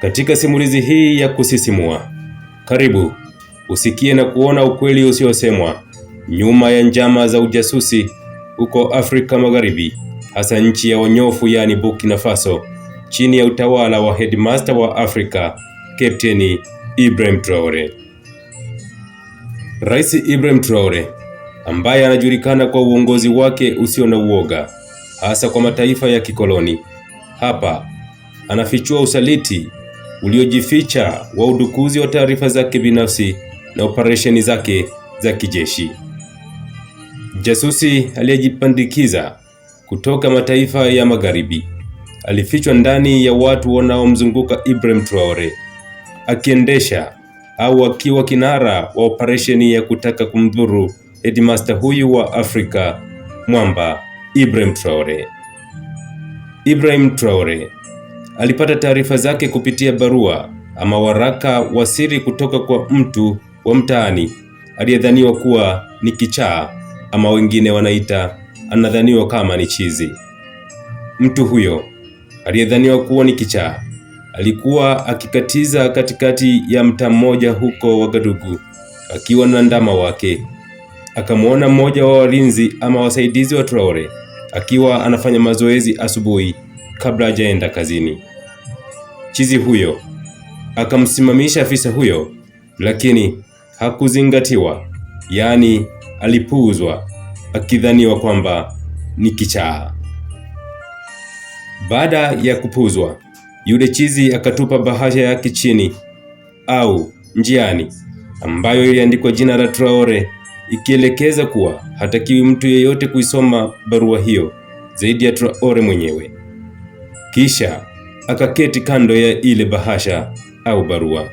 katika simulizi hii ya kusisimua. Karibu usikie na kuona ukweli usiosemwa nyuma ya njama za ujasusi huko Afrika Magharibi, hasa nchi ya wanyofu, yaani Burkina Faso, chini ya utawala wa headmaster wa Afrika Captain Ibrahim Traore. Rais Ibrahim Traore ambaye anajulikana kwa uongozi wake usio na uoga hasa kwa mataifa ya kikoloni, hapa anafichua usaliti uliojificha wa udukuzi wa taarifa zake binafsi na operesheni zake za kijeshi. Jasusi aliyejipandikiza kutoka mataifa ya Magharibi alifichwa ndani ya watu wanaomzunguka Ibrahim Traore, akiendesha au akiwa kinara wa operesheni ya kutaka kumdhuru headmaster huyu wa Afrika mwamba Ibrahim Traore. Ibrahim Traore alipata taarifa zake kupitia barua ama waraka wa siri kutoka kwa mtu wa mtaani aliyedhaniwa kuwa ni kichaa ama wengine wanaita anadhaniwa kama ni chizi. Mtu huyo aliyedhaniwa kuwa ni kichaa alikuwa akikatiza katikati ya mtaa mmoja huko Wagadugu akiwa na ndama wake. Akamwona mmoja wa walinzi ama wasaidizi wa Traore akiwa anafanya mazoezi asubuhi kabla hajaenda kazini chizi huyo akamsimamisha afisa huyo, lakini hakuzingatiwa, yaani alipuuzwa, akidhaniwa kwamba ni kichaa. Baada ya kupuzwa, yule chizi akatupa bahasha yake chini au njiani, ambayo iliandikwa jina la Traore, ikielekeza kuwa hatakiwi mtu yeyote kuisoma barua hiyo zaidi ya Traore mwenyewe. Kisha akaketi kando ya ile bahasha au barua.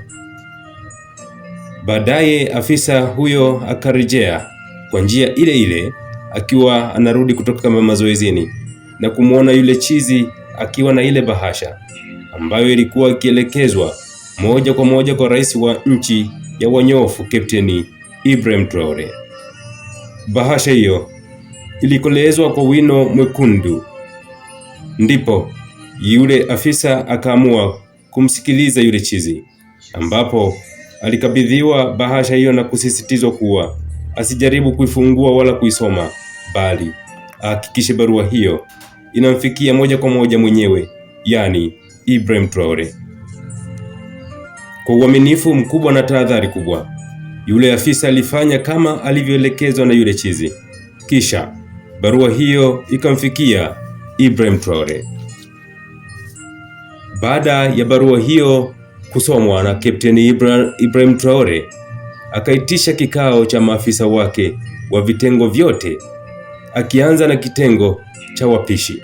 Baadaye afisa huyo akarejea kwa njia ile ile akiwa anarudi kutoka kama mazoezini na kumwona yule chizi akiwa na ile bahasha ambayo ilikuwa ikielekezwa moja kwa moja kwa rais wa nchi ya wanyofu Kapteni Ibrahim Traore. Bahasha hiyo ilikolezwa kwa wino mwekundu, ndipo yule afisa akaamua kumsikiliza yule chizi, ambapo alikabidhiwa bahasha hiyo na kusisitizwa kuwa asijaribu kuifungua wala kuisoma, bali ahakikishe barua hiyo inamfikia moja kwa moja mwenyewe, yaani Ibrahim Traore. Kwa uaminifu mkubwa na tahadhari kubwa, yule afisa alifanya kama alivyoelekezwa na yule chizi, kisha barua hiyo ikamfikia Ibrahim Traore. Baada ya barua hiyo kusomwa na Kapteni Ibra, Ibrahim Traore akaitisha kikao cha maafisa wake wa vitengo vyote akianza na kitengo cha wapishi,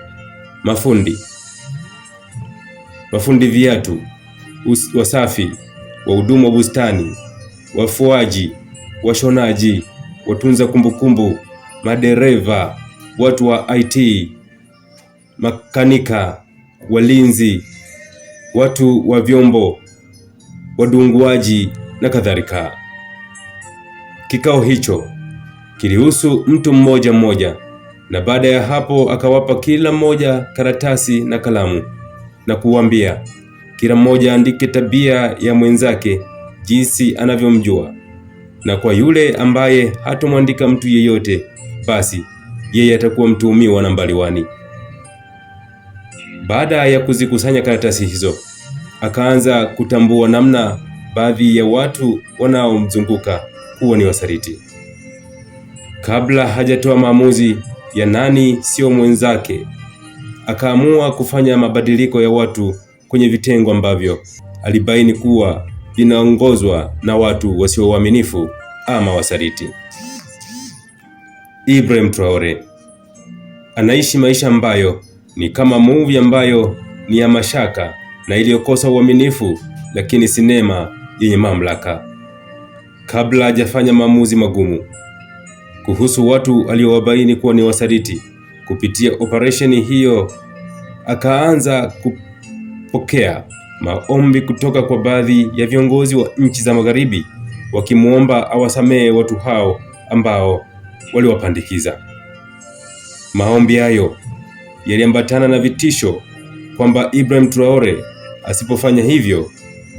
mafundi, mafundi viatu, wasafi, wahudumu wa bustani, wafuaji, washonaji, watunza kumbukumbu, madereva, watu wa IT, makanika, walinzi watu wa vyombo, wadunguaji na kadhalika. Kikao hicho kilihusu mtu mmoja mmoja, na baada ya hapo akawapa kila mmoja karatasi na kalamu na kuwambia kila mmoja andike tabia ya mwenzake jinsi anavyomjua, na kwa yule ambaye hatomwandika mtu yeyote, basi yeye atakuwa mtuhumiwa nambari wani. Baada ya kuzikusanya karatasi hizo, akaanza kutambua namna baadhi ya watu wanaomzunguka kuwa ni wasaliti. Kabla hajatoa maamuzi ya nani sio mwenzake, akaamua kufanya mabadiliko ya watu kwenye vitengo ambavyo alibaini kuwa vinaongozwa na watu wasio waaminifu ama wasaliti. Ibrahim Traore anaishi maisha ambayo ni kama movie ambayo ni ya mashaka na iliyokosa uaminifu, lakini sinema yenye mamlaka. Kabla hajafanya maamuzi magumu kuhusu watu aliowabaini kuwa ni wasaliti, kupitia operesheni hiyo akaanza kupokea maombi kutoka kwa baadhi ya viongozi wa nchi za Magharibi wakimwomba awasamehe watu hao ambao waliwapandikiza. Maombi hayo yaliambatana na vitisho kwamba Ibrahim Traore asipofanya hivyo,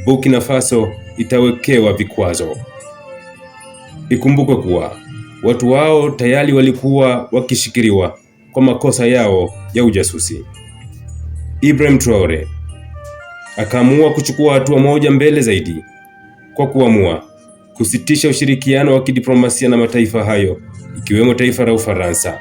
Burkina Faso itawekewa vikwazo. Ikumbukwe kuwa watu wao tayari walikuwa wakishikiliwa kwa makosa yao ya ujasusi. Ibrahim Traore akaamua kuchukua hatua moja mbele zaidi kwa kuamua kusitisha ushirikiano wa kidiplomasia na mataifa hayo ikiwemo taifa la Ufaransa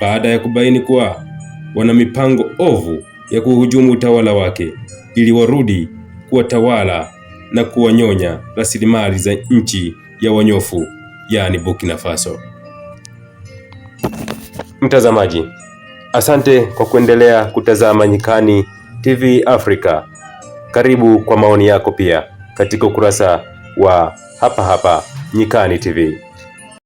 baada ya kubaini kuwa wana mipango ovu ya kuhujumu utawala wake ili warudi kuwatawala na kuwanyonya rasilimali za nchi ya wanyofu, yaani Burkina Faso. Mtazamaji, asante kwa kuendelea kutazama Nyikani TV Africa. Karibu kwa maoni yako pia katika ukurasa wa hapa hapa Nyikani TV.